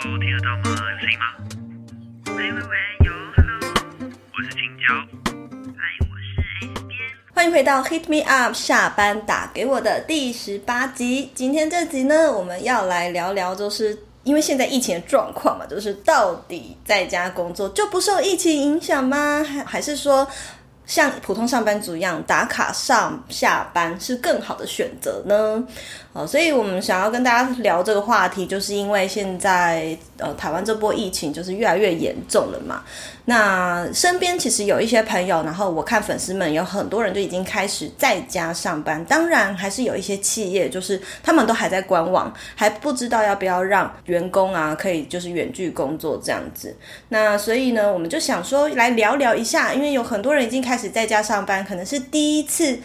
聽得到嗎？有聲音嗎？喂喂喂，有，Hello，我是青椒，嗨，我是 S，歡迎回到 Hit Me Up 下班打給我的第十八集。今天這集呢，我們要來聊聊，就是因為現在疫情的狀況嘛，就是到底在家工作就不受疫情影響嗎？還還是說？像普通上班族一樣打卡上下班是更好的選擇呢？哦，所以我們想要跟大家聊這個話題，就是因為現在。呃，台灣這波疫情就是越來越嚴重了嘛。那身邊其實有一些朋友，然後我看粉絲們有很多人就已經開始在家上班。當然，還是有一些企業，就是他們都還在觀望，還不知道要不要讓員工啊可以就是遠距工作這樣子。那所以呢，我們就想說來聊聊一下，因為有很多人已經開始在家上班，可能是第一次。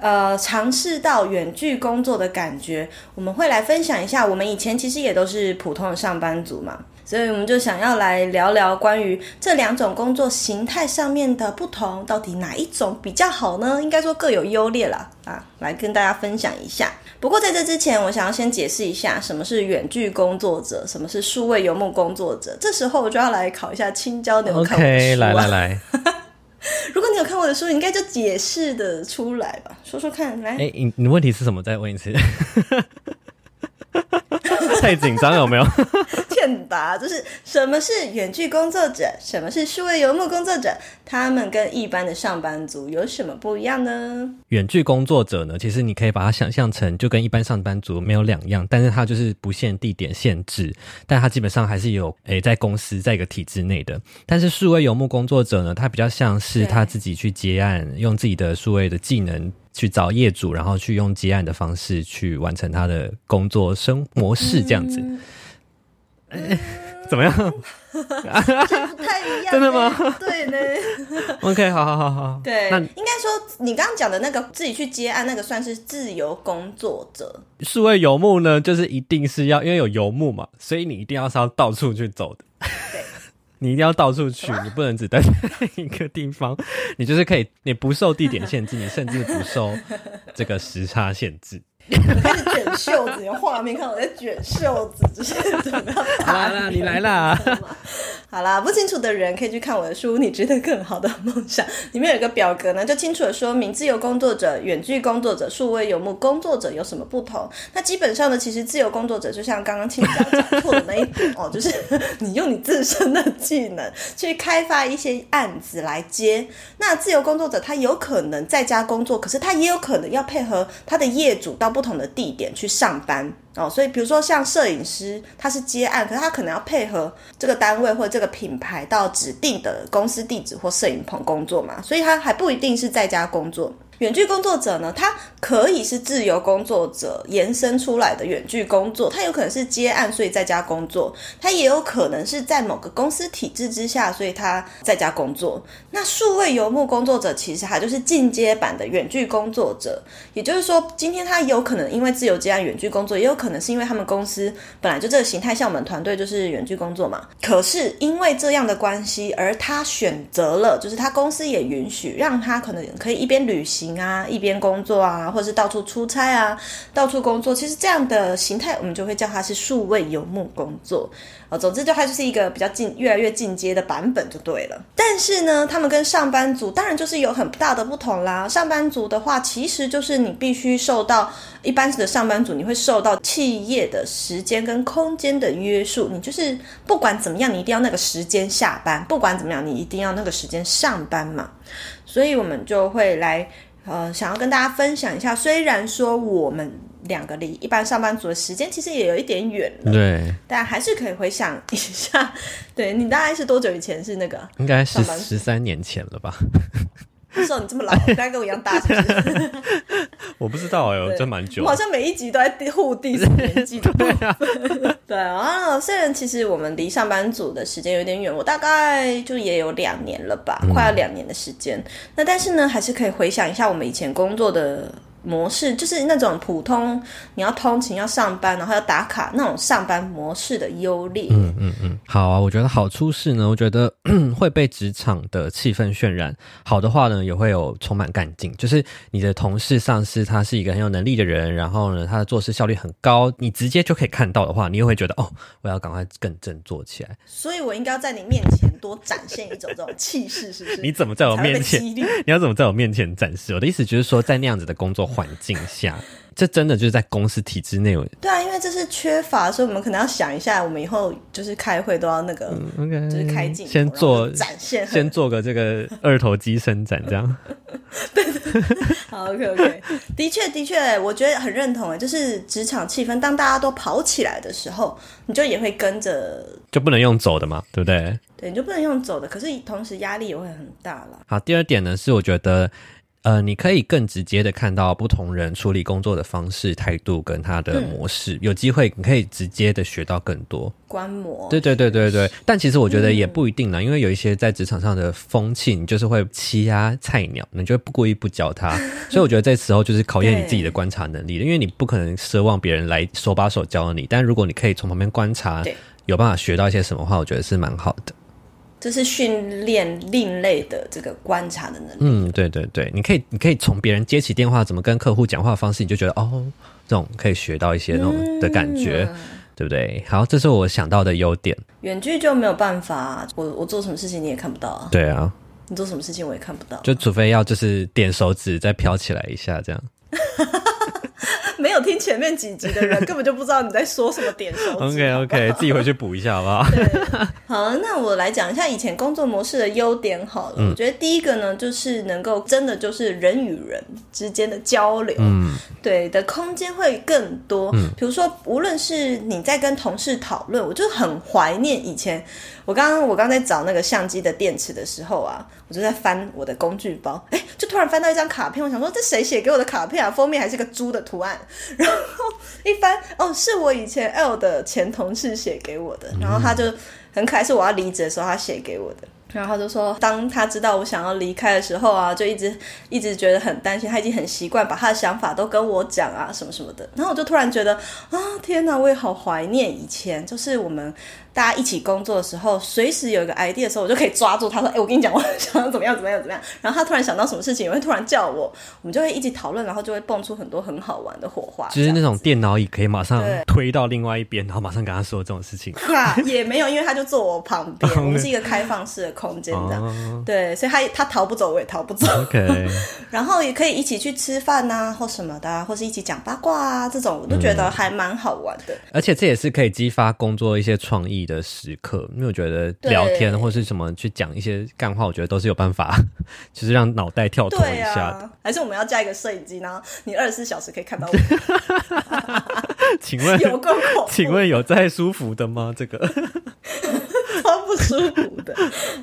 呃，嘗試到遠距工作的感覺，我們會來分享一下。我們以前其實也都是普通的上班族嘛，所以我們就想要來聊聊關於這兩種工作形態上面的不同，到底哪一種比較好呢？應該說各有優劣了啊，來跟大家分享一下。不過在這之前，我想要先解釋一下什麼是遠距工作者，什麼是數位游牧工作者。這時候我就要來考一下青椒能能的。啊、OK，來來來。 如果你有看我的書，你應該就解釋的出來吧，說說看，來。哎、欸，你你問題是什麼？再問一次， 太緊張了有沒有？ 選拔就是什麼是遠距工作者，什麼是數位游牧工作者，他們跟一般的上班族有什麼不一樣呢？遠距工作者呢，其實你可以把它想象成就跟一般上班族沒有兩樣，但是他就是不限地點限制，但他基本上還是有誒、欸、在公司在一個體制內的。但是數位游牧工作者呢，他比較像是他自己去接案，用自己的數位的技能去找業主，然後去用接案的方式去完成他的工作生活模式這樣子。嗯嗯、怎麼樣？哈 不太一樣，欸，真的嗎？對呢、欸。OK，好好好好。對，那應該說你剛剛講的那個自己去接案那個算是自由工作者，數位游牧呢？就是一定是要因為有游牧嘛，所以你一定要是要到處去走的。對，你一定要到處去， 你不能只待在一個地方。你就是可以，你不受地點限制，你甚至不受這個時差限制。 你開始捲袖子，用畫面看我在捲袖子，這是怎麼樣？完啦，你來啦！好啦，不清楚的人可以去看我的書《你值得更好的夢想》，裡面有一個表格呢，就清楚的說明自由工作者、遠距工作者、數位游牧工作者有什麼不同。那基本上呢，其實自由工作者就像剛剛青椒講錯的那一 哦，就是你用你自身的技能去開發一些案子來接。那自由工作者他有可能在家工作，可是他也有可能要配合他的業主到。不同的地點去上班。哦，所以比如說像攝影師，他是接案，可是他可能要配合這個單位或這個品牌，到指定的公司地址或攝影棚工作嘛，所以他還不一定是在家工作。遠距工作者呢，他可以是自由工作者延伸出來的遠距工作，他有可能是接案，所以在家工作；他也有可能是在某個公司體制之下，所以他在家工作。那數位游牧工作者其實還就是進階版的遠距工作者，也就是說，今天他有可能因為自由接案遠距工作，也有可能。可能是因為他們公司本來就這個形態，像我們團隊就是遠距工作嘛。可是因為這樣的關係，而他選擇了，就是他公司也允許讓他可能可以一邊旅行啊，一邊工作啊，或者是到處出差啊，到處工作。其實這樣的形態，我們就會叫他是數位游牧工作。哦，總之就它就是一個比較進、越來越進階的版本就對了。但是呢，他們跟上班族當然就是有很大的不同啦。上班族的話，其實就是你必須受到一般的上班族，你會受到企業的時間跟空間的約束。你就是不管怎麼樣，你一定要那個時間下班；不管怎麼樣，你一定要那個時間上班嘛。所以我們就會來。呃，想要跟大家分享一下，雖然說我們兩個離一般上班族的時間其實也有一點遠了，對，但還是可以回想一下，對，你大概是多久以前是那個？應該是十三年前了吧。 你這麼老，應該跟我一樣大。我不知道哎呦，真 蠻、 哎、 久。我好像每一集都在遞、互遞年紀對，啊， 對啊，雖然其實我們離上班族的時間有點遠，我大概就也有兩年了吧，嗯、快要兩年的時間。那但是呢，還是可以回想一下我們以前工作的。模式就是那種普通，你要通勤要上班，然後要打卡那種上班模式的優劣。嗯嗯嗯，好啊，我覺得好處是呢，我覺得會被職場的氣氛渲染，好的話呢，也會有充滿幹勁。就是你的同事上司他是一個很有能力的人，然後呢，他的做事效率很高，你直接就可以看到的話，你又會覺得哦，我要趕快更振作起來。所以我應該要在你面前多展現一種這種氣勢，是不是？ 你怎麼在我面前？你要怎麼在我面前展示？我的意思就是說，在那樣子的工作。環境下，這真的就是在公司體制內。對啊，因為這是缺乏，所以我們可能要想一下，我們以後就是開會都要那個，就是開鏡頭、嗯 okay, 先做展現，先做個這個二頭肌伸展，這樣。 對對對好，OK，OK，、okay, okay, 的確，的確，我覺得很認同啊，就是職場氣氛，當大家都跑起來的時候，你就也會跟着，就不能用走的嘛，對不對？對，你就不能用走的，可是同時壓力也會很大了。好，第二點呢是，我覺得。呃，你可以更直接的看到不同人處理工作的方式、態度跟他的模式。嗯、有機會，你可以直接的學到更多觀摩。對對對對對。但其實我覺得也不一定呢、嗯，因為有一些在職場上的風氣，你就是會欺壓菜鳥，你就會不故意不教他。嗯、所以我覺得這時候就是考驗你自己的觀察能力的，因為你不可能奢望別人來手把手教你。但如果你可以從旁邊觀察，有辦法學到一些什麼話，我覺得是蠻好的。這是訓練另類的這個觀察的能力。嗯，對對對，你可以，你可以從別人接起電話怎麼跟客戶講話的方式，你就覺得哦，這種可以學到一些那種的感覺，嗯，對不對？好，這是我想到的優點。遠距就沒有辦法啊，我我做什麼事情你也看不到啊。對啊，你做什麼事情我也看不到啊。就除非要就是點手指再飄起來一下這樣。 聽前面幾集的人根本就不知道你在說什麼，點頭 OK OK，自己回去補一下好不好，好，那我來講一下以前工作模式的優點好了。嗯、我覺得第一個呢，就是能夠真的就是人與人之間的交流，嗯，對，的空間會更多。嗯，比如說無論是你在跟同事討論，我就很懷念以前。我剛剛我剛才在找那個相機的電池的時候啊。我就在翻我的工具包，哎，就突然翻到一張卡片，我想說這誰寫給我的卡片啊？封面還是個豬的圖案，然後一翻，哦，是我以前 L 的前同事寫給我的，然後他就很可愛，是我要離職的時候他寫給我的。然後他就說，當他知道我想要離開的時候啊，就一直一直覺得很擔心。他已經很習慣把他的想法都跟我講啊，什麼什麼的。然後我就突然覺得啊，天哪，我也好懷念以前，就是我們大家一起工作的時候，隨時有一個 idea 的時候，我就可以抓住他說：“哎、欸，我跟你講，我想要怎麼樣，怎麼樣，怎麼樣。”然後他突然想到什麼事情，也會突然叫我，我們就會一起討論，然後就會蹦出很多很好玩的火花。就是那種電腦椅可以馬上推到另外一邊，然後馬上跟他說這種事情、啊。也沒有，因為他就坐我旁邊， 我們是一個開放式的。空間的、啊、對，所以他他逃不走，我也逃不走。Okay. 然後也可以一起去吃飯啊，或什麼的、啊，或是一起講八卦啊，這種我都覺得還蠻好玩的、嗯。而且這也是可以激發工作一些創意的時刻，因為我覺得聊天或是什麼去講一些幹話，我覺得都是有辦法， 就是讓腦袋跳脫一下、啊。還是我們要加一個攝影機然後你二十四小時可以看到我 請。請問有更請問有再舒服的嗎？這個。 不 舒服的，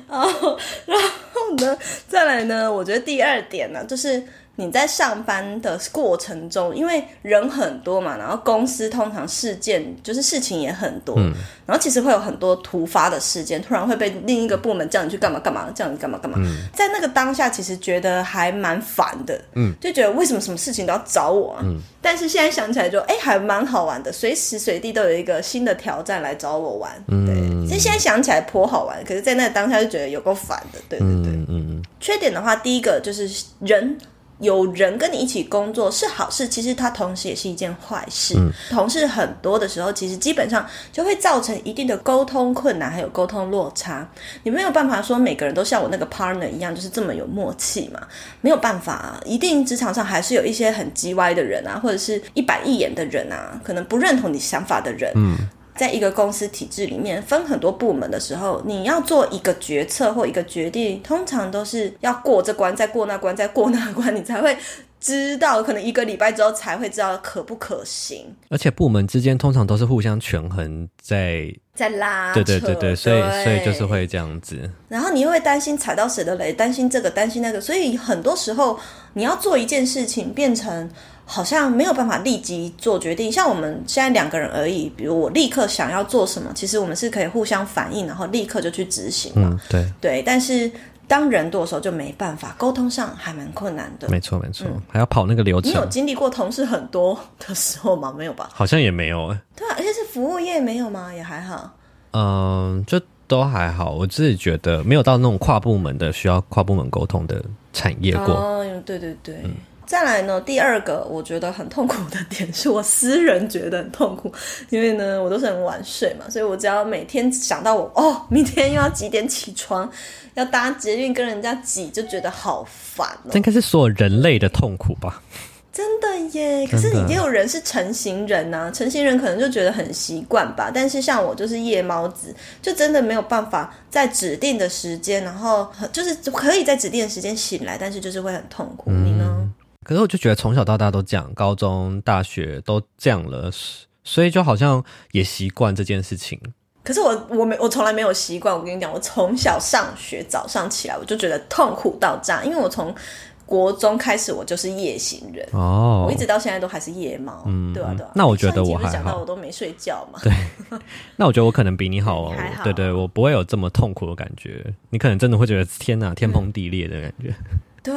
然後，然後呢？再來呢？我覺得第二點呢，就是。你在上班的過程中，因為人很多嘛，然後公司通常事件就是事情也很多，嗯，然後其實會有很多突發的事件，突然會被另一個部門叫你去幹嘛幹嘛，叫你去幹嘛幹嘛，嗯，在那個當下其實覺得還蠻煩的，嗯，就覺得為什麼什麼事情都要找我啊，啊、嗯。但是現在想起來就哎、欸、還蠻好玩的，隨時隨地都有一個新的挑戰來找我玩，對，嗯、其實現在想起來頗好玩，可是，在那個當下就覺得有夠煩的，對對對，嗯、缺點的話，第一個就是人。有人跟你一起工作是好事，其實他同時也是一件壞事。嗯。同事很多的時候，其實基本上就會造成一定的溝通困難，還有溝通落差。你沒有辦法說每個人都像我那個 partner 一樣，就是這麼有默契嘛？沒有辦法啊，一定職場上還是有一些很嘰歪的人啊，或者是一板一眼的人啊，可能不認同你想法的人。嗯在一個公司體制裡面，分很多部門的時候，你要做一個決策或一個決定，通常都是要過這關，再過那關，再過那關，你才會知道，可能一個禮拜之後才會知道可不可行。而且部門之間通常都是互相權衡在，在在拉，對對對對，所以所以，所以就是會這樣子。然後你又會擔心踩到誰的雷，擔心這個，擔心那個，所以很多時候你要做一件事情，變成。好像沒有辦法立即做決定，像我們現在兩個人而已。比如我立刻想要做什麼，其實我們是可以互相反應，然後立刻就去執行嘛。嗯，對對。但是當人多的時候就沒辦法，溝通上還蠻困難的。沒錯沒錯、嗯，還要跑那個流程。你有經歷過同事很多的時候嗎？沒有吧？好像也沒有對、啊，而且是服務業沒有嗎？也還好。嗯，就都還好。我自己覺得沒有到那種跨部門的需要跨部門溝通的產業過。哦、啊，對對對。嗯再來呢，第二個我覺得很痛苦的點，是我私人覺得很痛苦，因為呢，我都是很晚睡嘛，所以我只要每天想到我哦，明天又要幾點起床，要搭捷運跟人家擠，就覺得好煩喔。這應該是所有人類的痛苦吧？真的耶，真的！可是也有人是晨型人啊，晨型人可能就覺得很習慣吧，但是像我就是夜貓子，就真的沒有辦法在指定的時間，然後就是可以在指定的時間醒來，但是就是會很痛苦。嗯可是我就覺得從小到大都這樣，高中、大學都這樣了，所以就好像也習慣這件事情。可是我我沒我從來沒有習慣。我跟你講，我從小上學早上起來我就覺得痛苦到炸，因為我從國中開始我就是夜行人哦，我一直到現在都還是夜貓。嗯，對啊對啊。那我覺得我好不是講到我都沒睡覺嘛？對。那我覺得我可能比你好，哦。好。對，對對，我不會有這麼痛苦的感覺。你可能真的會覺得天哪，天崩、啊、地裂的感覺。嗯對，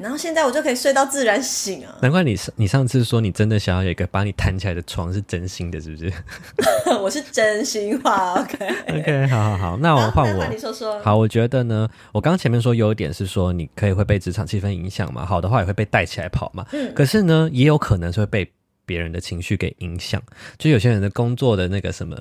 然後現在我就可以睡到自然醒啊！難怪你上你上次說你真的想要有一個把你彈起來的床，是真心的，是不是？ 我是真心話，OK OK，好好好，那我換我、啊換你說說，好，我覺得呢，我剛剛前面說優點是說你可以會被職場氣氛影響嘛，好的話也會被帶起來跑嘛，嗯，可是呢，也有可能是會被別人的情緒給影響，就有些人的工作的那個什麼。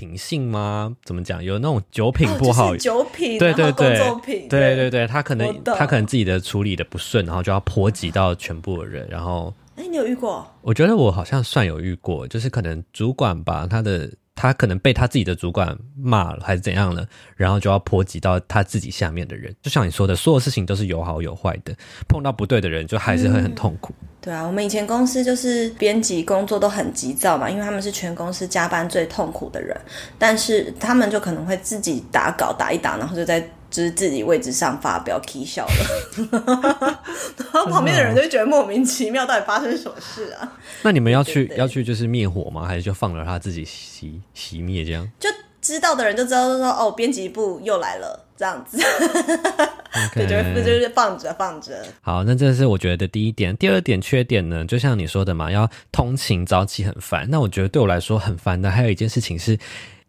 品性嗎？怎麼講？有那種酒品不好，哦就是、酒品對對對，工作品對對,對他可能他可能自己的處理的不順，然後就要波及到全部的人，然後哎、欸，你有遇過？我覺得我好像算有遇過，就是可能主管把，他的。他可能被他自己的主管罵了，還是怎樣了，然後就要波及到他自己下面的人。就像你說的，所有事情都是有好有壞的，碰到不對的人，就還是會很痛苦。嗯，對啊，我們以前公司就是編輯工作都很急躁嘛，因為他們是全公司加班最痛苦的人，但是他們就可能會自己打稿打一打，然後就在。就是自己位置上發表 K 笑了， 然後旁邊的人都覺得莫名其妙，到底發生什麼事啊？那你們要去，對對對，要去就是滅火嗎？還是就放了他自己熄熄滅這樣？就知道的人就知道就說哦，編輯部又來了這樣子， okay。就覺得就是放着放着。好，那這是我覺得第一點，第二點缺點呢，就像你說的嘛，要通勤早起很煩。那我覺得對我來說很煩的還有一件事情是。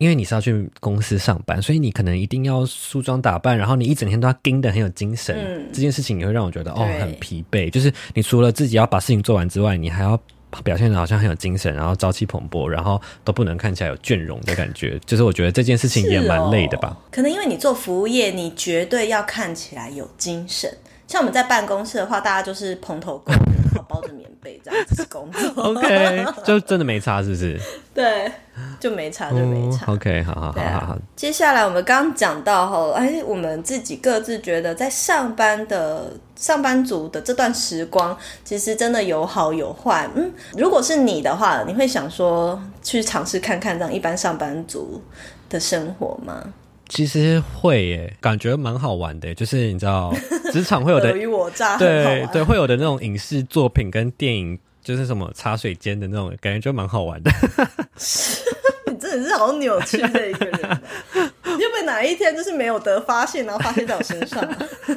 因為你是要去公司上班，所以你可能一定要梳妝打扮，然後你一整天都要盯得很有精神、嗯。這件事情也會讓我覺得哦很疲憊。就是你除了自己要把事情做完之外，你還要表現得好像很有精神，然後朝氣蓬勃，然後都不能看起來有倦容的感覺。就是我覺得這件事情也蠻累的吧、哦。可能因為你做服務業，你絕對要看起來有精神。像我們在辦公室的話，大家就是蓬頭垢面，然後包着棉被這樣子工作。 OK，就真的沒差，是不是？對，就沒差，就沒差。Oh, OK，、啊、好好好。好。接下來我們剛剛講到哈、哦哎，我們自己各自覺得，在上班的上班族的這段時光，其實真的有好有壞。嗯，如果是你的話，你會想說去嘗試看看這樣一般上班族的生活嗎？其實會耶，感覺蠻好玩的，就是你知道，職場會有的 爾虞我詐，對對，會有的那種影視作品跟電影，就是什麼茶水間的那種感覺，就蠻好玩的。 你真的是好扭曲的一個人，有沒有哪一天就是沒有得發現，然後發現在我身上？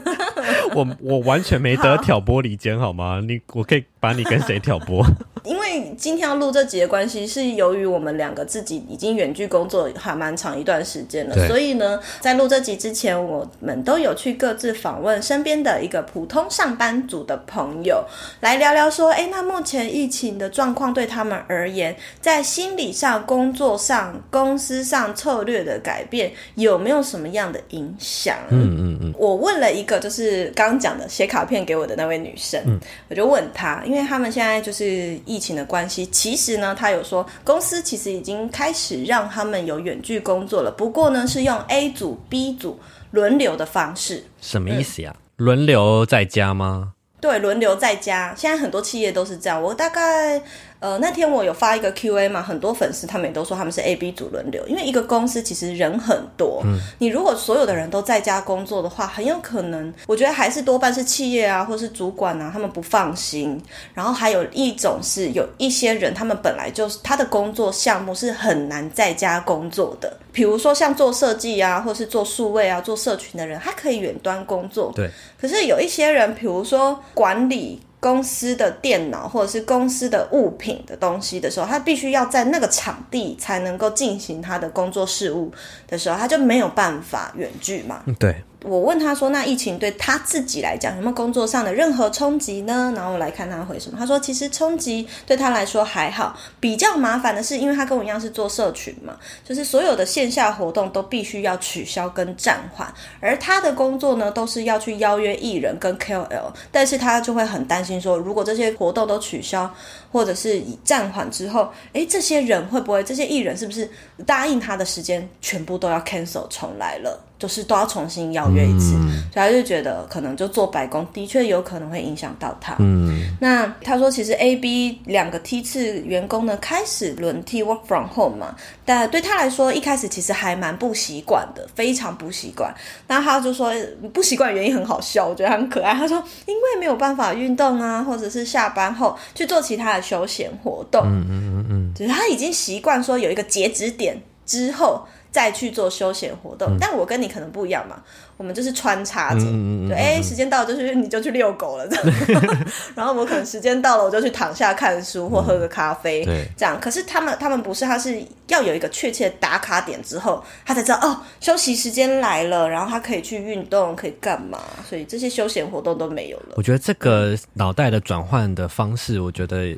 我我完全沒得挑撥離間，好嗎？你我可以。不管你跟誰挑撥 ？因為今天要錄這集的關係，是由於我們兩個自己已經遠距工作還蠻長一段時間了，所以呢，在錄這集之前，我們都有去各自訪問身邊的一個普通上班族的朋友，來聊聊說，誒、欸，那目前疫情的狀況對他們而言，在心理上、工作上、公司上策略的改變，有沒有什麼樣的影響？嗯嗯嗯。我問了一個，就是剛講的寫卡片給我的那位女生，嗯、我就問她，因為他們現在就是疫情的關係，其實呢，他有說公司其實已經開始讓他們有遠距工作了，不過呢是用 A 組、B 組輪流的方式。什麼意思呀、啊？嗯、輪流在家嗎？對，輪流在家。現在很多企業都是這樣。我大概。呃，那天我有發一個 Q&A 嘛，很多粉絲他們也都說他們是 A、B 組輪流，因為一個公司其實人很多，嗯，你如果所有的人都在家工作的話，很有可能，我覺得還是多半是企業啊，或是主管啊，他們不放心。然後還有一種是有一些人，他們本來就是他的工作項目是很難在家工作的，比如說像做設計啊，或是做數位啊，做社群的人，他可以遠端工作。對，可是有一些人，比如說管理。公司的電腦或者是公司的物品的東西的時候，他必須要在那個場地才能夠進行他的工作事務的時候，他就沒有辦法遠距嘛。對。我問他說：“那疫情對他自己來講，什麼工作上的任何衝擊呢？”然後我來看他回什麼。他說：“其實衝擊對他來說還好，比較麻煩的是，因為他跟我一樣是做社群嘛，就是所有的線下活動都必須要取消跟暫緩。而他的工作呢，都是要去邀約藝人跟 KOL，但是他就會很擔心說，如果這些活動都取消，或者是以暫緩之後，誒，這些人會不會這些藝人是不是答應他的時間全部都要 cancel 重來了？”就是都要重新邀約一次、嗯，所以他就覺得可能就做白工，的確有可能會影響到他，嗯。那他說，其實 A、B 兩個梯次員工呢，開始輪替 work from home 嘛，但對他來說，一開始其實還蠻不習慣的，非常不習慣。那他就說，不習慣原因很好笑，我覺得他很可愛。他說，因為沒有辦法運動啊，或者是下班後去做其他的休閒活動。嗯嗯嗯嗯，就是他已經習慣說有一個截止點之後，再去做休閒活動，但我跟你可能不一樣嘛，嗯、我們就是穿插着、嗯嗯嗯嗯，對，誒、欸，時間到了就是你就去遛狗了這樣， 然後我可能時間到了，我就去躺下看書或喝個咖啡，嗯、對這樣。可是他們他們不是，他是要有一個確切打卡點之後，他才知道哦，休息時間來了，然後他可以去運動，可以幹嘛，所以這些休閒活動都沒有了。我覺得這個腦袋的轉換的方式，我覺得。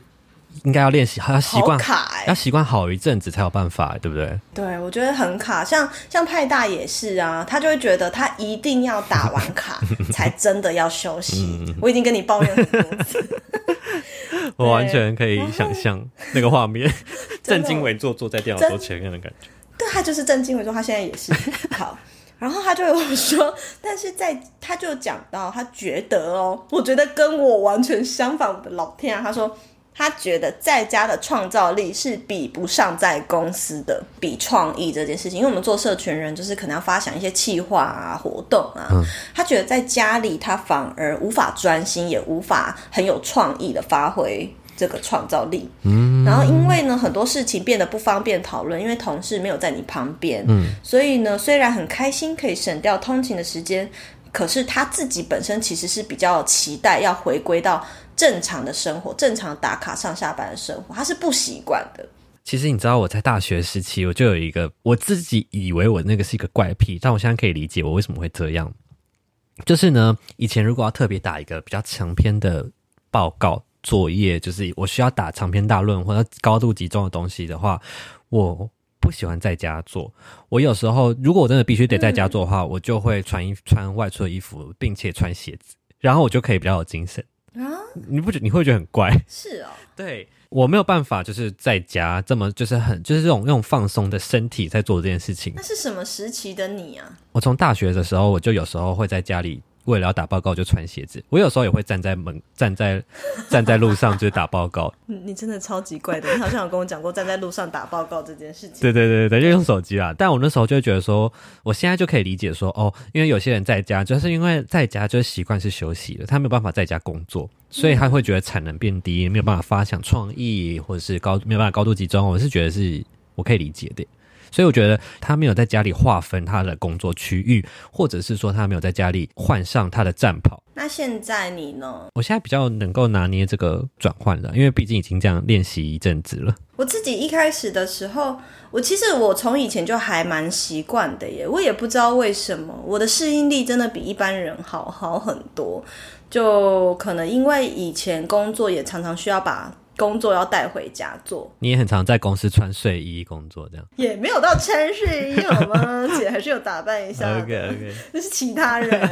應該要練習，要習慣、欸，要習慣好一陣子才有辦法、欸，對不對？對，我覺得很卡。像像派大也是啊，他就會覺得他一定要打完卡才真的要休息。 我已經跟你抱怨很多次， 我完全可以想象那個畫面 正襟危坐，坐在電腦桌前面的感覺 的。對，他就是正襟危坐，他現在也是 好。然後他就有說，但是在他就講到他覺得哦，我覺得跟我完全相反。我的老天啊，他說。他覺得在家的創造力是比不上在公司的，比創意這件事情，因為我們做社群人就是可能要發想一些企劃啊、活動啊。嗯。他覺得在家裡他反而無法專心，也無法很有創意的發揮這個創造力。嗯。然後因為呢很多事情變得不方便討論，因為同事沒有在你旁邊。嗯。所以呢，雖然很開心可以省掉通勤的時間，可是他自己本身其實是比較期待要回歸到。正常的生活，正常打卡上下班的生活，他是不習慣的。其實你知道我在大學時期，我就有一個我自己以為我那個是一個怪癖，但我現在可以理解我為什麼會這樣。就是呢，以前如果要特別打一個比較長篇的報告作業，就是我需要打長篇大論或者高度集中的東西的話，我不喜歡在家做。我有時候如果我真的必須得在家做的話，嗯、我就會穿一穿外出的衣服，並且穿鞋子，然後我就可以比較有精神。啊！你不覺得？你會覺得很怪？是哦， 對，我沒有辦法，就是在家這麼就是很就是這種那種放鬆的身體在做這件事情。那是什麼時期的你啊？我從大學的時候，我就有時候會在家裡。為了要打報告就穿鞋子，我有時候也會站在門，站在站在路上就是打報告。 你真的超級怪的，你好像有跟我講過站在路上打報告這件事情。 對對對對，就用手機啦。但我那時候就會覺得說，我現在就可以理解說，哦，因為有些人在家，就是因為在家就習慣是休息了，他沒有辦法在家工作，所以他會覺得產能變低，沒有辦法發想創意，或者是高，沒有辦法高度集中。我是覺得是我可以理解的。所以我覺得他沒有在家裡劃分他的工作區域，或者是說他沒有在家裡換上他的戰袍。那現在你呢？我現在比較能夠拿捏這個轉換了，因為畢竟已經這樣練習一陣子了。我自己一開始的時候，我其實我從以前就還蠻習慣的耶。我也不知道為什麼我的適應力真的比一般人好好很多，就可能因為以前工作也常常需要把。工作要帶回家做，你也很常在公司穿睡衣工作，這樣也沒有到穿睡衣好嗎？ 姐還是有打扮一下。 OK OK，那是其他人。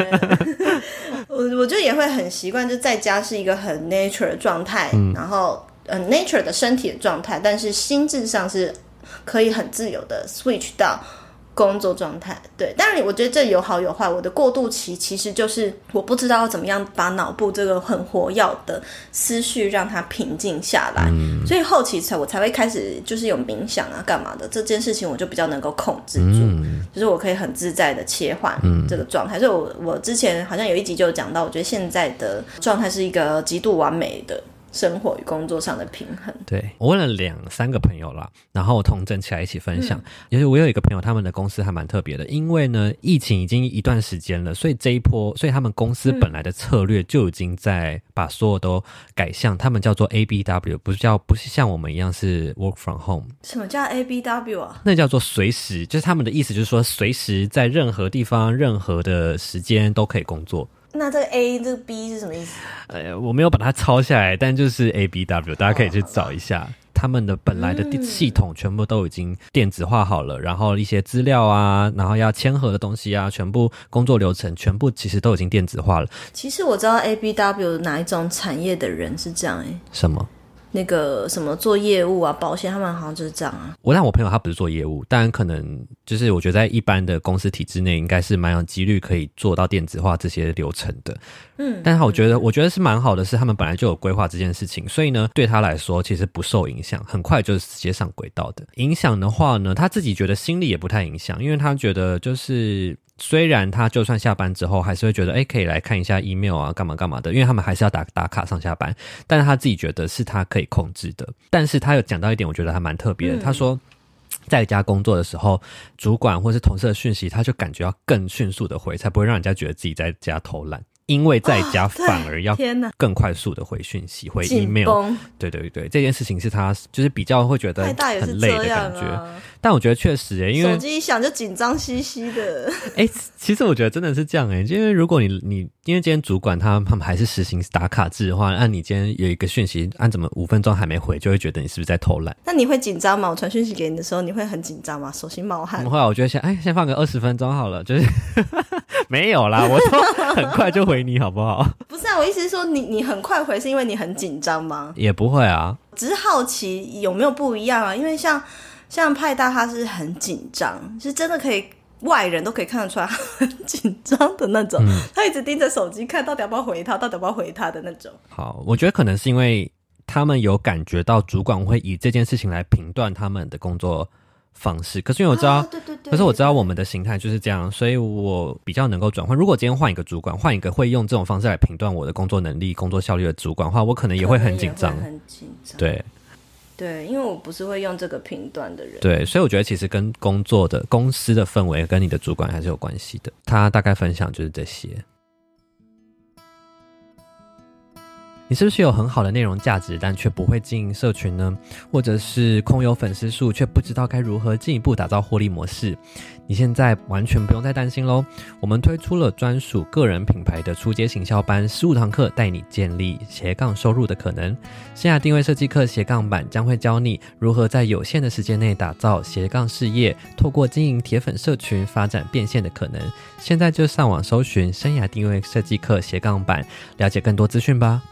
我我就也會很習慣，就在家是一個很 nature 的狀態，嗯、然後嗯 nature 的身體的狀態，但是心智上是可以很自由的 switch 到。工作狀態，對，但是我覺得這有好有壞。我的過渡期其實就是我不知道怎麼樣把腦部這個很活躍的思緒讓它平靜下來，嗯。所以後期才我才會開始就是有冥想啊，幹嘛的這件事情我就比較能夠控制住。嗯，就是我可以很自在的切換這個狀態。所以我我之前好像有一集就有講到，我覺得現在的狀態是一個極度完美的生活與工作上的平衡。對，我問了兩三個朋友啦，然後我同鄭起來一起分享。也、嗯、是我有一個朋友，他們的公司還蠻特別的，因為呢，疫情已經一段時間了，所以這一波，所以他們公司本來的策略就已經在把所有都改向。嗯、他們叫做 ABW，不是叫不是像我們一樣是 work from home。什麼叫 ABW 啊？那叫做隨時，就是他們的意思，就是說隨時在任何地方、任何的時間都可以工作。那這個 A 這個 B 是什麼意思？哎、呃，我沒有把它抄下來，但就是 A B W，大家可以去找一下他們的本來的系統，全部都已經電子化好了。嗯、然後一些資料啊，然後要簽核的東西啊，全部工作流程全部其實都已經電子化了。其實我知道 A B W 哪一種產業的人是這樣誒、欸、什麼？那個什麼做業務啊，保險他們好像就是這樣啊。我但我朋友他不是做業務，但可能就是我覺得在一般的公司體制內，應該是蠻有幾率可以做到電子化這些流程的。嗯，但是我覺得、嗯、我覺得是蠻好的，是他們本來就有規劃這件事情，所以呢，對他來說其實不受影響，很快就是直接上軌道的。影響的話呢，他自己覺得心理也不太影響，因為他覺得就是。雖然他就算下班之後，還是會覺得，哎、欸，可以來看一下 email 啊，幹嘛幹嘛的，因為他們還是要打打卡上下班，但是他自己覺得是他可以控制的。但是他有講到一點，我覺得還蠻特別的，嗯。他說，在家工作的時候，主管或是同事的訊息，他就感覺要更迅速的回，才不會讓人家覺得自己在家偷懶。因為在家反而要更快速的回訊息、哦、回 email，對對對，這件事情是他就是比較會覺得很累的感覺。啊、但我覺得確實哎，因為手機一響就緊張兮兮的。誒、欸，其實我覺得真的是這樣哎、欸，因為如果你你。因為今天主管他他們還是實行打卡制的話，按你今天有一個訊息按怎麼五分鐘還沒回，就會覺得你是不是在偷懶？那你會緊張嗎？我傳訊息給你的時候，你會很緊張嗎？手心冒汗？不會啊，我覺得先哎，先放個二十分鐘好了，就是 沒有啦，我都很快就回你好不好？ 不是啊，我意思是說你你很快回，是因為你很緊張嗎？也不會啊，只是好奇有沒有不一樣啊？因為像像派大，他是很緊張，就是真的可以。外人都可以看得出來很緊張的那種，嗯，他一直盯着手機看，到底要不要回他，到底要不要回他的那種。好，我覺得可能是因為他們有感覺到主管會以這件事情來評斷他們的工作方式，可是因為我知道，啊、對對對，可是我知道我們的形態就是這樣，所以我比較能夠轉換。如果今天換一個主管，換一個會用這種方式來評斷我的工作能力、工作效率的主管的話，我可能也會很緊張，很緊張，對。對，因為我不是會用這個評斷的人。對，所以我覺得其實跟工作的公司的氛圍跟你的主管還是有關係的。他大概分享就是這些。你是不是有很好的內容價值，但卻不會經營社群呢？或者是空有粉絲數，卻不知道該如何進一步打造獲利模式？你現在完全不用再擔心嘍！我們推出了專屬個人品牌的初階行銷班，十五堂課帶你建立斜槓收入的可能。生涯定位設計課斜槓版將會教你如何在有限的時間內打造斜槓事業，透過經營鐵粉社群，發展變現的可能。現在就上網搜尋生涯定位設計課斜槓版，了解更多資訊吧！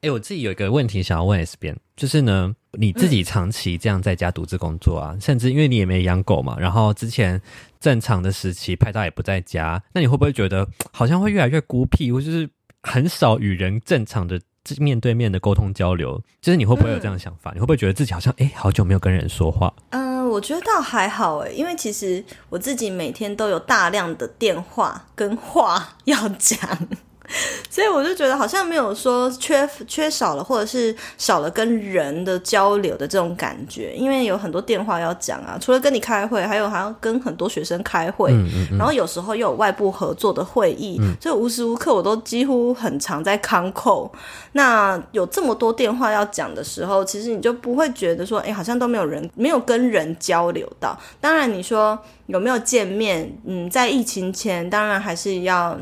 哎、欸，我自己有一個問題想要問 S 編，就是呢，你自己長期這樣在家獨自工作啊、嗯，甚至因為你也沒養狗嘛，然後之前正常的時期，拍照也不在家，那你會不會覺得好像會越來越孤僻，或者是很少與人正常的面對面的溝通交流？就是你會不會有這樣的想法？嗯、你會不會覺得自己好像哎、欸，好久沒有跟人說話？嗯、呃，我覺得倒還好哎、欸，因為其實我自己每天都有大量的電話跟話要講。所以我就覺得好像沒有說缺缺少了，或者是少了跟人的交流的這種感覺，因為有很多電話要講啊。除了跟你開會，還有還要跟很多學生開會、嗯嗯，然後有時候又有外部合作的會議，嗯、所以無時無刻我都幾乎很常在康扣、嗯。那有這麼多電話要講的時候，其實你就不會覺得說，哎、欸，好像都沒有人沒有跟人交流到。當然你說有沒有見面？嗯，在疫情前，當然還是要。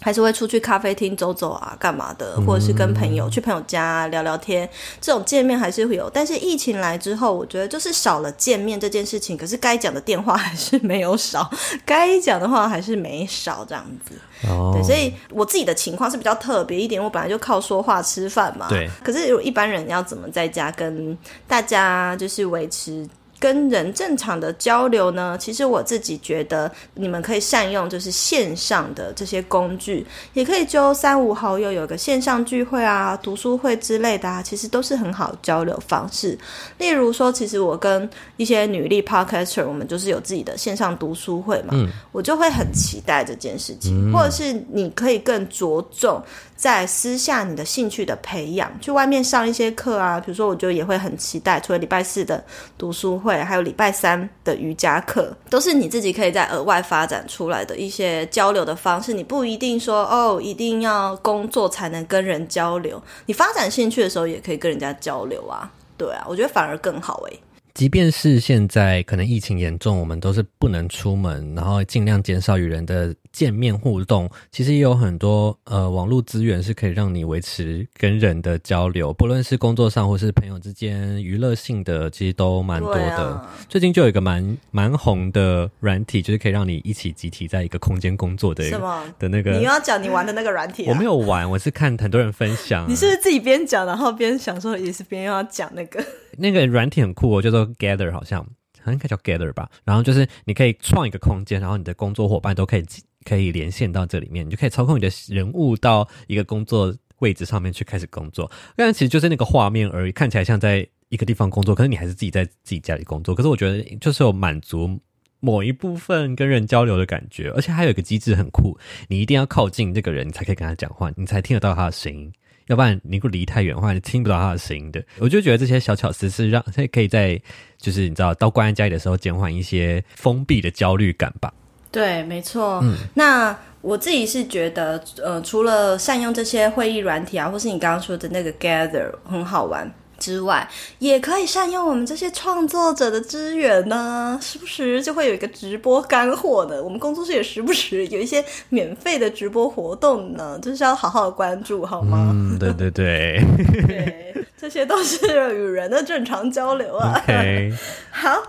還是會出去咖啡廳走走啊，幹嘛的，或者是跟朋友、嗯、去朋友家、啊、聊聊天，這種見面還是會有。但是疫情來之後，我覺得就是少了見面這件事情，可是該講的電話還是沒有少，該講的話還是沒少這樣子。哦、對，所以我自己的情況是比較特別一點，我本來就靠說話吃飯嘛。對，可是有一般人要怎麼在家跟大家就是維持？跟人正常的交流呢，其實我自己覺得你們可以善用，就是線上的這些工具，也可以揪三五好友有個線上聚會啊、讀書會之類的啊，其實都是很好交流方式。例如說，其實我跟一些女力 podcaster，我們就是有自己的線上讀書會嘛，嗯、我就會很期待這件事情、嗯。或者是你可以更着重在私下你的興趣的培養，嗯、去外面上一些課啊，比如說，我就也會很期待，除了禮拜四的讀書會。會還有禮拜三的瑜伽課，都是你自己可以在額外發展出來的一些交流的方式。你不一定說哦，一定要工作才能跟人交流，你發展興趣的時候也可以跟人家交流啊。對啊，我覺得反而更好誒、欸。即便是現在可能疫情嚴重，我們都是不能出門，然後盡量減少與人的見面互動其實也有很多，呃，網絡資源是可以讓你維持跟人的交流，不論是工作上或是朋友之間娛樂性的，其實都蠻多的。啊。最近就有一個蠻蠻紅的軟體，就是可以讓你一起集體在一個空間工作的一個，是嗎？的，那個你又要講你玩的那個軟體。啊嗯，我沒有玩，我是看很多人分享。啊。 你是不是自己邊講然後邊想說也是邊要講那個 那個軟體很酷。哦，叫做 Gather，好像應該叫 Gather 吧？然後就是你可以創一個空間，然後你的工作夥伴都可以集。可以連線到這裡面，你就可以操控你的人物到一個工作位置上面去開始工作。但是，其實就是那個畫面而已，看起來像在一個地方工作，可是你還是自己在自己家裡工作。可是我覺得，就是有滿足某一部分跟人交流的感覺，而且還有一個機制很酷，你一定要靠近這個人，你才可以跟他講話，你才聽得到他的聲音。要不然你會離太遠的話，你聽不到他的聲音的。我就覺得這些小巧思是讓可以在，就是你知道，到關在家裡的時候，減緩一些封閉的焦慮感吧。對，沒錯。嗯、那我自己是覺得，呃，除了善用這些會議軟體啊，或是你剛剛說的那個 Gather 很好玩之外，也可以善用我們這些創作者的資源呢。時不時就會有一個直播干貨的，我們工作室也時不時有一些免費的直播活動呢，就是要好好的關注，好嗎？嗯，對對對， 對，這些都是與人的正常交流啊。Okay. 好。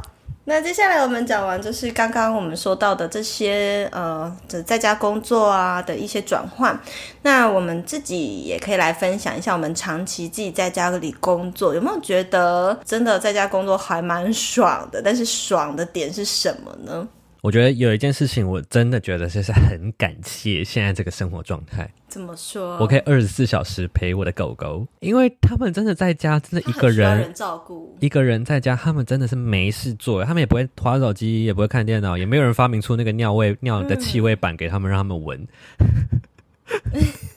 那接下來我們講完，就是剛剛我們說到的這些呃，在家工作啊的一些轉換。那我們自己也可以來分享一下，我們長期自己在家裡工作，有沒有覺得真的在家工作還蠻爽的？但是爽的點是什麼呢？我覺得有一件事情，我真的覺得就是很感謝現在這個生活狀態。怎麼說？我可以二十四小時陪我的狗狗，因為他們真的在家，真的一個人，人照顧，一個人在家，他們真的是沒事做，他們也不會滑手機，也不會看電腦，也沒有人發明出那個尿味尿的氣味板給他們，嗯、讓他們聞。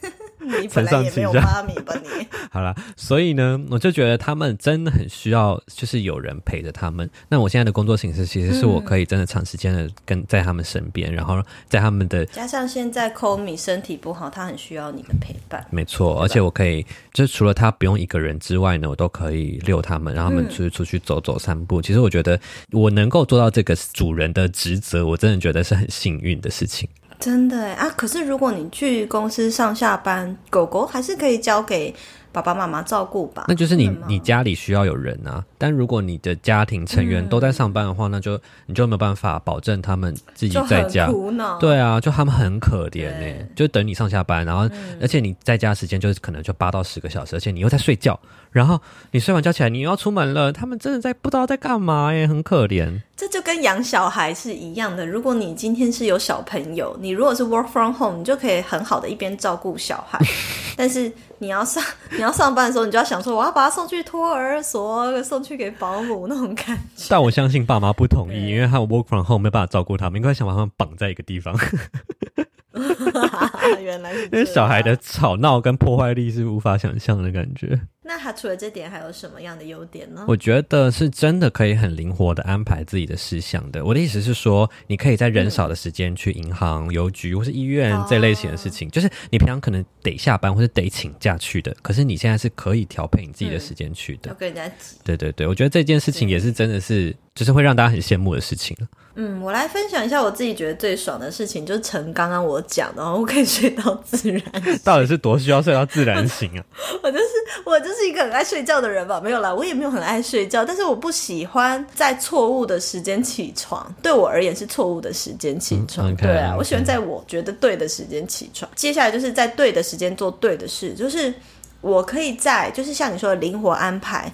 你本來也沒有媽咪吧你？你 好啦，所以呢，我就覺得他們真的很需要，就是有人陪着他們。那我現在的工作形式，其實是我可以真的長時間的跟在他們身邊、嗯，然後在他們的加上現在 Kumi 身體不好，他很需要你的陪伴。沒錯，而且我可以，就除了他不用一個人之外呢，我都可以遛他們，讓他們出去出去走走散步、嗯。其實我覺得我能夠做到這個主人的職責，我真的覺得是很幸運的事情。真的誒啊！可是如果你去公司上下班，狗狗還是可以交給爸爸媽媽照顧吧？那就是你，你家裡需要有人啊。但如果你的家庭成員都在上班的話，那就你就沒有辦法保證他們自己在家。對啊，就他們很可憐呢，就等你上下班，然後而且你在家的時間就可能就八到十個小時，而且你又在睡覺，然後你睡完覺起來你又要出門了，他們真的在不知道在幹嘛耶、欸，很可憐。這就跟養小孩是一樣的。如果你今天是有小朋友，你如果是 work from home，你就可以很好的一邊照顧小孩，但是你要上你要上班的時候，你就要想說我要把他送去托兒所送去。去給保姆那種感覺，但我相信爸媽不同意，因為他們 work from home 沒辦法照顧他們，應該想把他們綁在一個地方。 原來是、啊，因為小孩的吵鬧跟破壞力是無法想象的感覺。那他除了這點，還有什麼樣的優點呢？我覺得是真的可以很靈活的安排自己的事項的。我的意思是說，你可以在人少的時間去銀行、嗯、郵局或是醫院這類型的事情、哦，就是你平常可能得下班或是得請假去的，可是你現在是可以調配你自己的時間去的、嗯。對對對，我覺得這件事情也是真的是，就是會讓大家很羨慕的事情。嗯，我來分享一下我自己覺得最爽的事情，就是陳剛剛我講的，然後，我可以睡到自然。 到底是多需要睡到自然醒啊？ 我，我就是我就是一個很愛睡覺的人吧？沒有啦，我也沒有很愛睡覺，但是我不喜歡在錯誤的時間起床，對我而言是錯誤的時間起床。嗯、okay, 對啊，我喜歡在我覺得對的時間起床。Okay, okay. 接下來就是在對的時間做對的事，就是我可以在，就是像你說的靈活安排。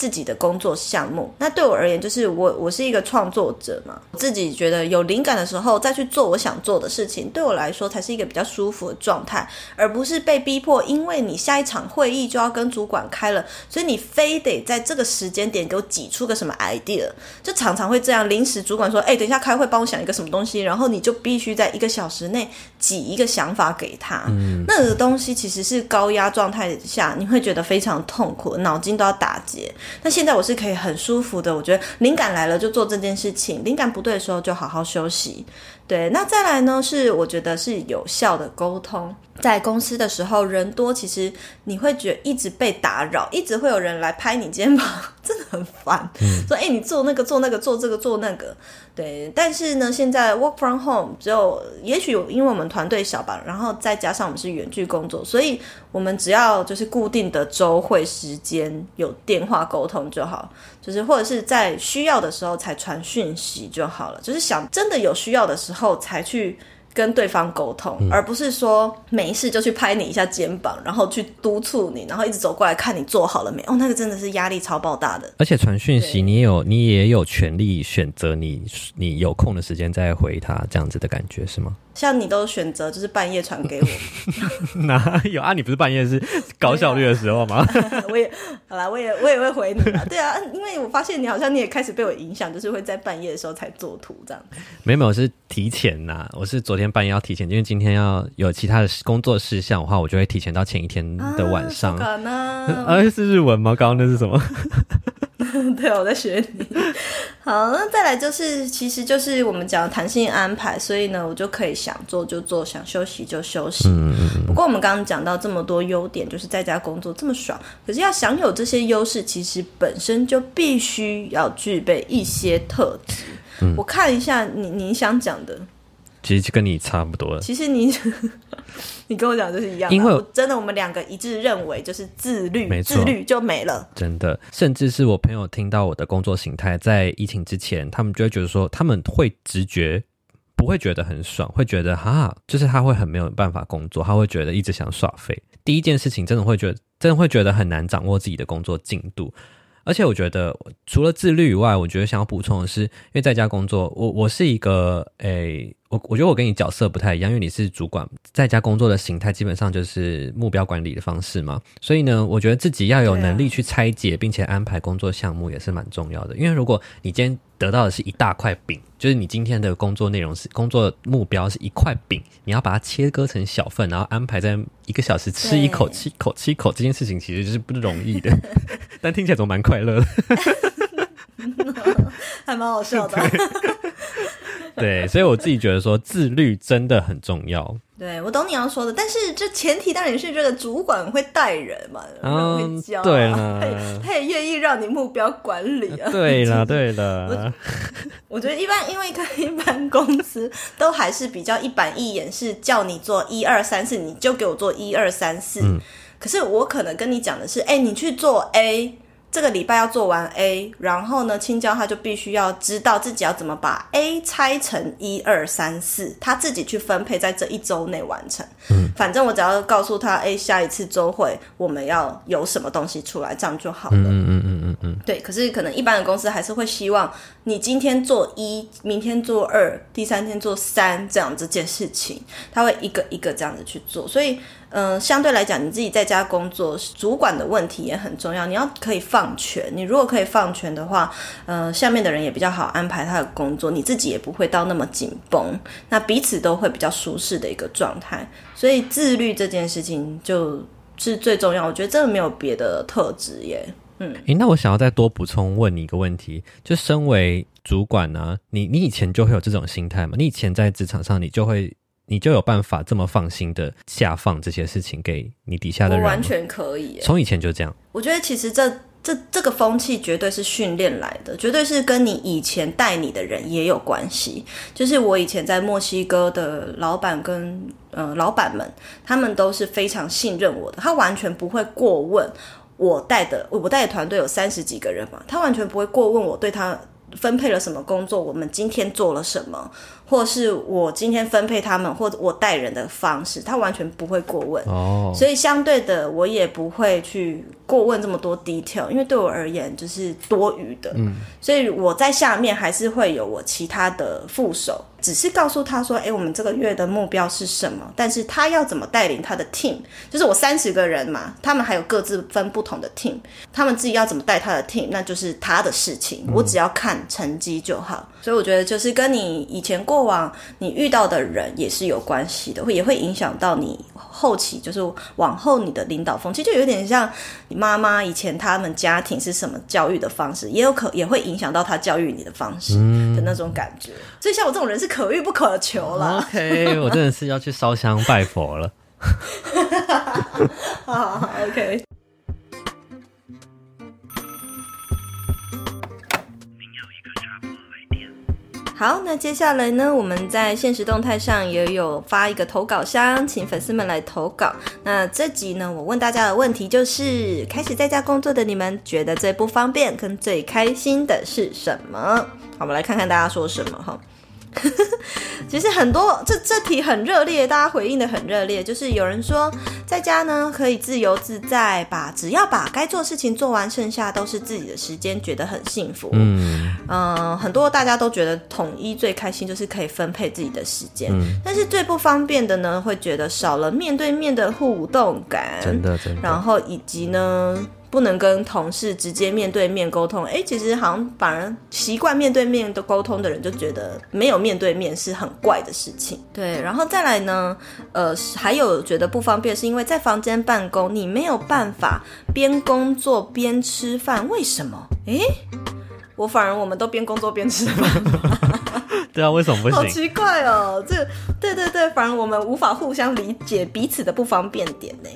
自己的工作項目，那對我而言，就是我我是一個創作者嘛，自己覺得有靈感的時候，再去做我想做的事情，對我來說才是一個比較舒服的狀態，而不是被逼迫。因為你下一場會議就要跟主管開了，所以你非得在這個時間點給我擠出個什麼 idea，就常常會這樣。臨時主管說：“誒、欸，等一下開會，幫我想一個什麼東西。”然後你就必須在一個小時內擠一個想法給他。嗯、那個東西其實是高壓狀態下，你會覺得非常痛苦，腦筋都要打結。那現在我是可以很舒服的，我覺得靈感來了就做這件事情，靈感不對的時候就好好休息。對，那再來呢？是我覺得是有效的溝通。在公司的時候，人多，其實你會覺得一直被打擾，一直會有人來拍你肩膀，真的很煩，嗯。說誒，欸，你做那個，做那個，做這個，做那個。對，但是呢，現在 work from home 只有，也許有，因為我們團隊小吧，然後再加上我們是遠距工作，所以我們只要就是固定的週會時間有電話溝通就好。就是或者是在需要的時候才傳訊息就好了，就是想真的有需要的時候才去，跟對方溝通、嗯，而不是說沒事就去拍你一下肩膀，然後去督促你，然後一直走過來看你做好了沒？哦，那個真的是壓力超爆大的。而且傳訊息，你也有你也有權利選擇你你有空的時間再回他，這樣子的感覺是嗎？像你都選擇就是半夜傳給我， 哪有啊？你不是半夜是高效率的時候嗎？啊、 我也好啦，我也我也會回你。 對啊，因為我發現你好像你也開始被我影響，就是會在半夜的時候才做圖這樣。沒有，沒有，我是提前吶，我是昨。今天半夜要提前，因為今天要有其他的工作事項的話，我就會提前到前一天的晚上。啊，啊啊是日文嗎？剛剛那是什麼？ 對，我在學你。好，那再來就是，其實就是我們講的彈性安排，所以呢，我就可以想做就做，想休息就休息。嗯嗯。不過我們剛剛講到這麼多優點，就是在家工作這麼爽。可是要享有這些優勢，其實本身就必須要具備一些特質。嗯。我看一下你你想講的。其實就跟你差不多了。其實你，你跟我講就是一樣的。因為真的，我們兩個一致認為就是自律沒錯，自律就沒了。真的，甚至是我朋友聽到我的工作形態在疫情之前，他們就會覺得說，他們會直覺不會覺得很爽，會覺得哈，就是他會很沒有辦法工作，他會覺得一直想耍廢。第一件事情，真的會覺得，真的會覺得很難掌握自己的工作進度。而且我覺得，除了自律以外，我覺得想要補充的是，因為在家工作，我我是一個誒、欸，我我覺得我跟你角色不太一樣，因為你是主管，在家工作的形態基本上就是目標管理的方式嘛，所以呢，我覺得自己要有能力去拆解並且安排工作項目也是蠻重要的，因為如果你今天得到的是一大塊餅，就是你今天的工作內容是工作目標是一塊餅，你要把它切割成小份，然後安排在一個小時吃一口、吃一口、吃一口，這件事情其實就是不容易的， 但聽起來總蠻快樂的， no, 還蠻好笑的。對，所以我自己覺得說自律真的很重要。 對，我懂你要說的，但是這前提當然是這個主管會帶人嘛、哦，會教啊，對他也願意讓你目標管理啊。對了，對了。我覺得一般， 因為看一般公司都還是比較一板一眼，是叫你做一二三四，你就給我做一二三四。可是我可能跟你講的是，哎、欸，你去做 A。這個禮拜要做完 A，然後呢，青椒他就必須要知道自己要怎麼把 A 拆成一二三四，他自己去分配在這一周內完成。嗯，反正我只要告訴他，哎，下一次周會我們要有什麼東西出來，這樣就好了。嗯。嗯嗯嗯對，可是可能一般的公司還是會希望你今天做一，明天做二，第三天做三，這樣這件事情，他會一個一個這樣子去做。所以，嗯、呃，相對來講，你自己在家工作，主管的問題也很重要。你要可以放權，你如果可以放權的話，呃，下面的人也比較好安排他的工作，你自己也不會到那麼緊繃，那彼此都會比較舒適的一個狀態。所以自律這件事情就是最重要，我覺得真的沒有別的特質耶。嗯、欸、那我想要再多補充問你一個問題，就身為主管呢、啊，你你以前就會有這種心態嗎？你以前在職場上，你就會你就有辦法這麼放心的下放這些事情給你底下的人？我完全可以，從以前就這樣。我覺得其實這這這個風氣絕對是訓練來的，絕對是跟你以前帶你的人也有關係。就是我以前在墨西哥的老闆跟呃老闆們，他們都是非常信任我的，他完全不會過問。我帶的我帶的團隊有三十幾個人嘛，他完全不會過問我對他分配了什麼工作，我們今天做了什麼，或是我今天分配他們或者我帶人的方式，他完全不會過問。哦、oh.，所以相對的，我也不會去過問這麼多 detail，因為對我而言就是多餘的。Mm. 所以我在下面還是會有我其他的副手。只是告訴他說：“誒，我們這個月的目標是什麼？”但是他要怎麼帶領他的 team，就是我三十個人嘛，他們還有各自分不同的 team，他們自己要怎麼帶他的 team，那就是他的事情，我只要看成績就好。嗯。所以我覺得，就是跟你以前過往你遇到的人也是有關係的，會也會影響到你。後期就是往後你的領導風氣，就有點像你媽媽以前他們家庭是什麼教育的方式，也有可也會影響到他教育你的方式，嗯，的那種感覺、嗯。所以像我這種人是可遇不可求了。OK， 我真的是要去燒香拜佛了。 好好好，OK。好，那接下來呢，我們在限時動態上也有發一個投稿箱，請粉絲們來投稿。那這集呢，我問大家的問題就是：開始在家工作的你們，覺得最不方便跟最開心的是什麼？好，我們來看看大家說什麼哈。 其實很多，這這題很熱烈，大家回應得很熱烈。就是有人說，在家呢可以自由自在吧，只要把該做事情做完，剩下都是自己的時間，覺得很幸福。嗯嗯、呃，很多大家都覺得統一最開心就是可以分配自己的時間、嗯，但是最不方便的呢，會覺得少了面對面的互動感。真的，真的。然後以及呢，不能跟同事直接面對面溝通，哎，其實好像反而習慣面對面的溝通的人就覺得沒有面對面是很怪的事情。對，然後再來呢，呃，還有覺得不方便是因為在房間辦公，你沒有辦法邊工作邊吃飯。為什麼？哎，我反而我們都邊工作邊吃飯。 對啊，為什麼不行？好奇怪哦，這對對對，反而我們無法互相理解彼此的不方便點呢。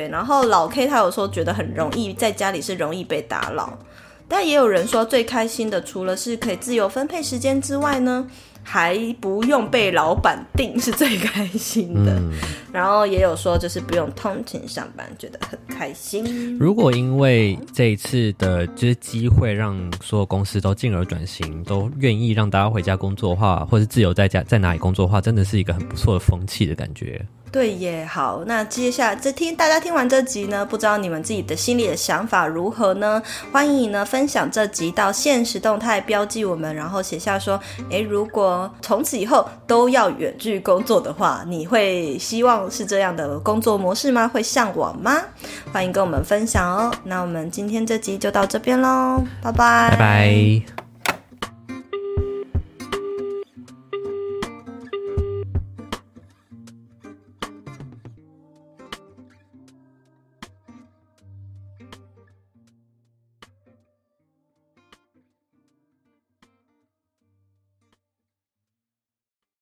對，然後老 K 他有說覺得很容易在家裡是容易被打擾，但也有人說最開心的除了是可以自由分配時間之外呢，還不用被老板定是最開心的，嗯，然後也有說就是不用通勤上班，覺得很開心。如果因為這一次的這機會，讓所有公司都進而轉型，都願意讓大家回家工作的話，或是自由在家在哪裡工作的話，真的是一個很不錯的風氣的感覺。對耶，好，那接下來這聽大家聽完這集呢，不知道你們自己的心裡的想法如何呢？歡迎呢分享這集到限時動態標記我們，然後寫下說，哎，如果。從此以後都要遠距工作的話，你會希望是這樣的工作模式嗎？會嚮往嗎？歡迎跟我們分享哦。那我們今天這集就到這邊嘍，拜拜。Bye bye